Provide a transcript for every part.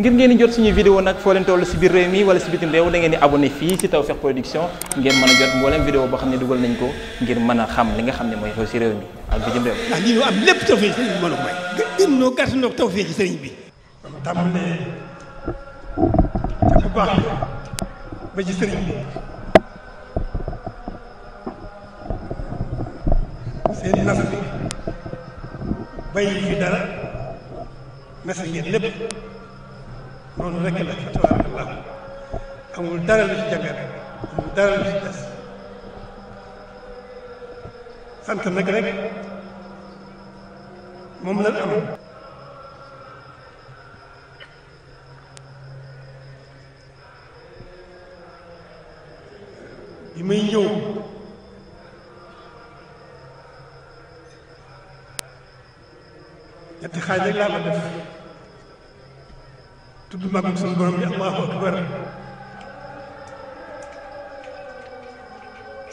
ngir ngeen jot suñu vidéo nag foo leen toll si biir réew mi wala si bitim réew da ngeen di abonné fii si Tawfekh Production ngeen mën a jot mboolem vidéo boo xam ne dugal nañ ko ngir mën a xam li nga xam ne mooy xew si réew mi ak bitim réew. ndax lii ñu am lépp tawfeex sëriñ bi mën a may. gën noo gàtt noo sëriñ bi. tàmbalee bu baax ba sëriñ bi. seen nas bi bàyyi ngeen lépp. noonu rek la fa tabarakallah amul dara lu ci jàngat amul dara lu nag rek moom lan am bi may ñëw ñetti xaaj rek laa ko def tudd magum suñu borom bi allahu akbar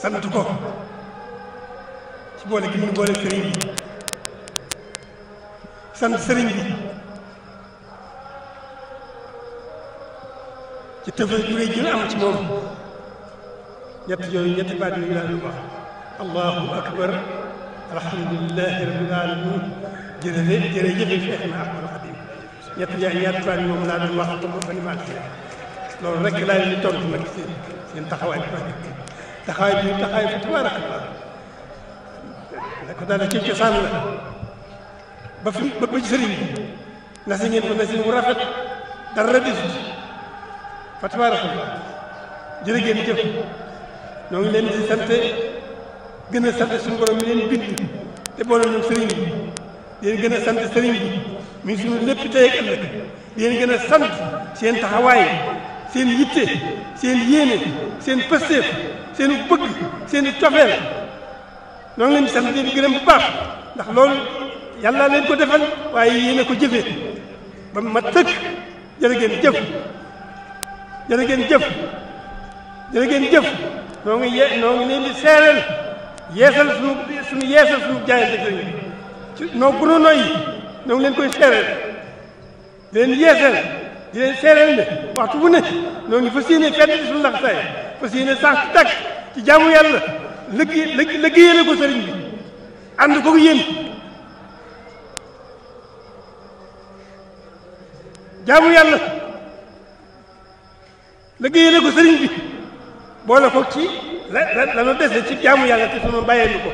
sant ko ci boole gi ñu boole sëriñ bi sant sëriñ bi ci tëfër bu rëy am ci moom ñett yooyu ñetti baat yooyu laa ñu wax allahu akbar alhamdulilahi rabbil alamin jërëjëf jërëjëf feex na ñett ñaar ñaar tubaab yi moom laa doon wax te ba ni ma àgg loolu rek laa leen di tontu nag seen seen taxawaay bi taxawaay bi taxawaay bi tabaarakallah la ko daal ci cosaan la ba fi ba ba sëriñ bi na si ngeen ko na si mu rafet dara desul fa tabaarakallah jërë ngeen jëf ñoo ngi leen di sant gën a sant suñu borom mi leen bind te boole ñoom sëriñ bi yéen gën a sant sëriñ bi. mi ngi suñu lépp tey ak di leen gën a sant seen taxawaay seen yitte seen yéene seen pësteef seen bëgg seen cofeel ñoo ngi leen di sant di gërëm bu baax ndax loolu yàlla leen ko defal waaye yéene ko jëfee ba ma tëkk jërë ngeen jëf jërë ngeen jëf jërë ngeen jëf ngi ye noo ngi leen di seereel yeesal suñu suñu yeesal suñu jaayante sëriñ noo gënoon ñoo ngi leen koy seereel di leen yeeseel di leen seereel ne waxtu bu ne ñoo ngi fas yéene fedd di suñu laxasaay fas yéene sax ci tàkk ci jaamu yàlla lëggee lëggéeyale ko sëriñ bi ànd ko yéen jaamu yàlla lëggéeyale ko sëriñ bi boole ko ci la la la dese ci jaamu yàlla te sunu bàyyee ko.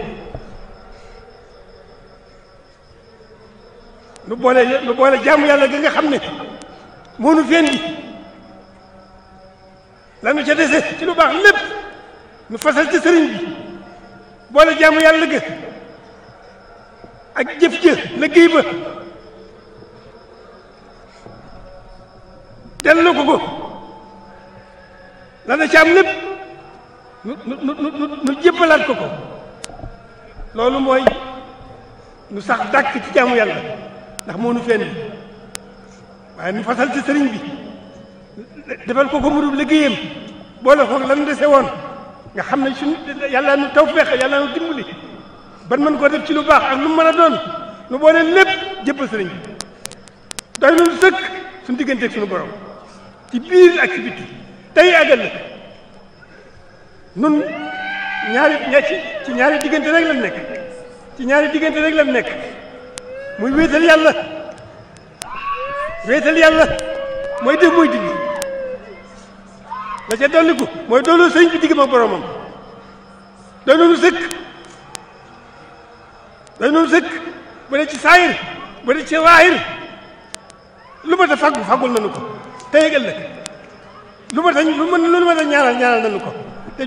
nu boole nu boole jaamu yàlla gi nga xam ne moo nu fenn di lanu ca dese ci lu baax lépp nu fasal ci sëriñ bi boole jaamu yàlla ga ak jëf ja liggéey ba delloo ko ko lana ca am lépp nu nu nu nu jébbalaat ko ko loolu mooy nu sax dàkk ci jaamu yàlla ndax moo nu fenn waaye nu fasal ci sëriñ bi defal ko ko mu dul liggéeyam boole ko lan dese woon nga xam ne suñ yàlla nu tawfeex yàlla nu dimbali ban man koo def ci lu baax ak lu mu mën a doon nu boole lépp jëppal sëriñ bi doy lu sëkk suñ digganteeg suñu borom ci biir ak ci biti tey àggal nun ñaari ci ñaari diggante rek lan nekk ci ñaari diggante rek lan nekk muy wéetal yàlla wéetal yàlla mooy def mooy digg la ca dolliku mooy doonul sëñ bi digg ma boromam doy noonu sëkk doy noonu sëkk bu dee ci saayir bu dee ci waayir lu ma ta fàggu fàggul nanu ko tey ak ëllëg lu ma ta lu mën lu ko te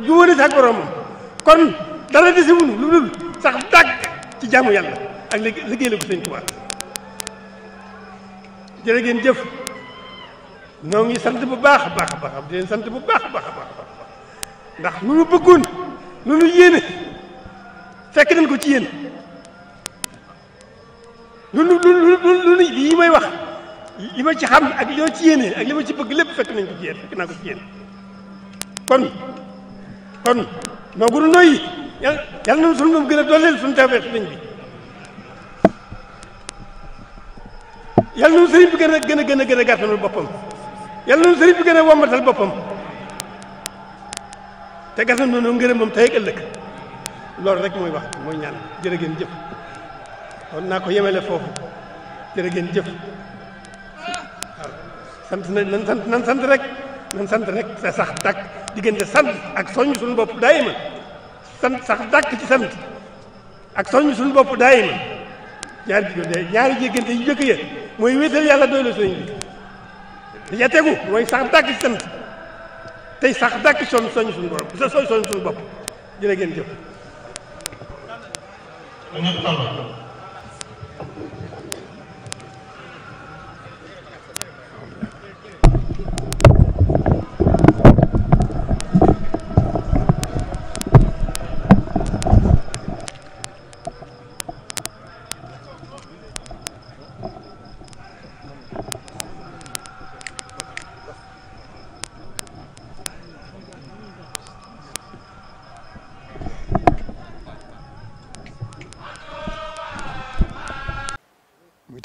kon dara desi wunu lu dul sax ci jaamu yàlla ak liggéeyal ko sëñ Tuubaa jërë ngeen jëf ñoo ngi sant bu baax a baax a baax di leen sant bu baax a baax a baax ndax lu nu bëggoon lu fekk nañ ko ci yéen lu nu lu yi may wax li ma ci xam ak li ma ci yéene ak li ci bëgg lépp fekk nañ ko ci yéen fekk ci yéen kon kon noo gënu nooyi yàlla yàlla na sunu moom gën a dooleel sunu bi yàlla noonu sëriñ bi gën a gën a gën a gën a boppam yàlla noonu sëriñ bi gën a wombatal boppam te gàttal noonu ngërëm moom tey ak loolu rek mooy wax mooy ñaan jërë ngeen jëf kon naa ko yemele foofu jërë ngeen jëf waaw sant nañ nan sant nan sant rek nan sant rek sa sax dàkk diggante sant ak soññ suñu bopp daayima sant sax dàkk ci sant ak soññ suñu bopp daay ñaari diggante ñaari jéggante yu jëkk ya mooy wéetal yàlla doy la sëriñ bi di ca tegu mooy sax dàkk ci sant tey sax dàkk soñ soñ suñu bopp soñ soñ suñu bopp geen ngeen jëf